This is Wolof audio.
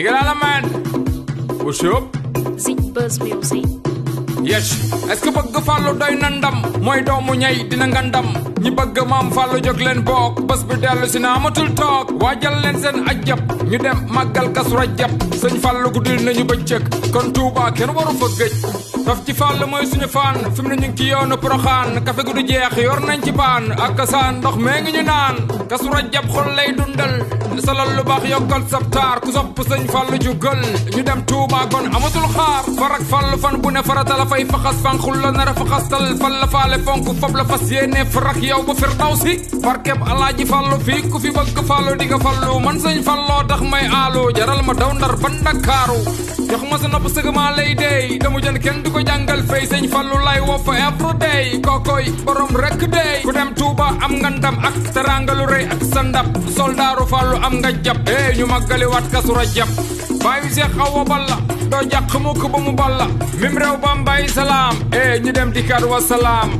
Miguel Alaman. que bëgg fàllu doy na ndam mooy doomu ñay dina nga ñi bëgg maam fàllu jog leen book bés bi dellu si na amatul toog waajal leen seen ajjab ñu dem màggal kasu rajab sëñ fàllu guddil nañu bëccëg kon tuubaa kenn waru fa taf ci fàll mooy suñu fan fi mu ne ñu ngi ci yoonu poroxaan kafe gu du jeex yor ci baan ak saan mee ngi ñu naan kasu rajab xol dundal salal baax yokkal sabtaar ku sopp sëñ fàllu jugal ñu dem tuuba gon amatul xaar farak fàllu fan bu ne farata la fay faxas fanxul la nar a faxastal fal la faale fonk fab la fas yéene farak yow ba firdaw si barkeb fii ku fi bëgg fàllu di nga fàllu man sëñ fàlloo tax may aalu jaral ma daw ndar ba ndakaaru jox ma sa nopp sëgg maa lay damu jën kenn di ko jàngal fay sëñ fallu lay woo fa every day kookoy borom rek day ku dem Touba am nga ndam ak teranga lu rëy ak sa ndab soldaaru fallu am nga jàpp eh ñu màggali waat kasu rajab bàyyi seex awa balla doo jàq mukk ba mu balla mim réew bam salaam eh ñu dem dikkaat wa salaam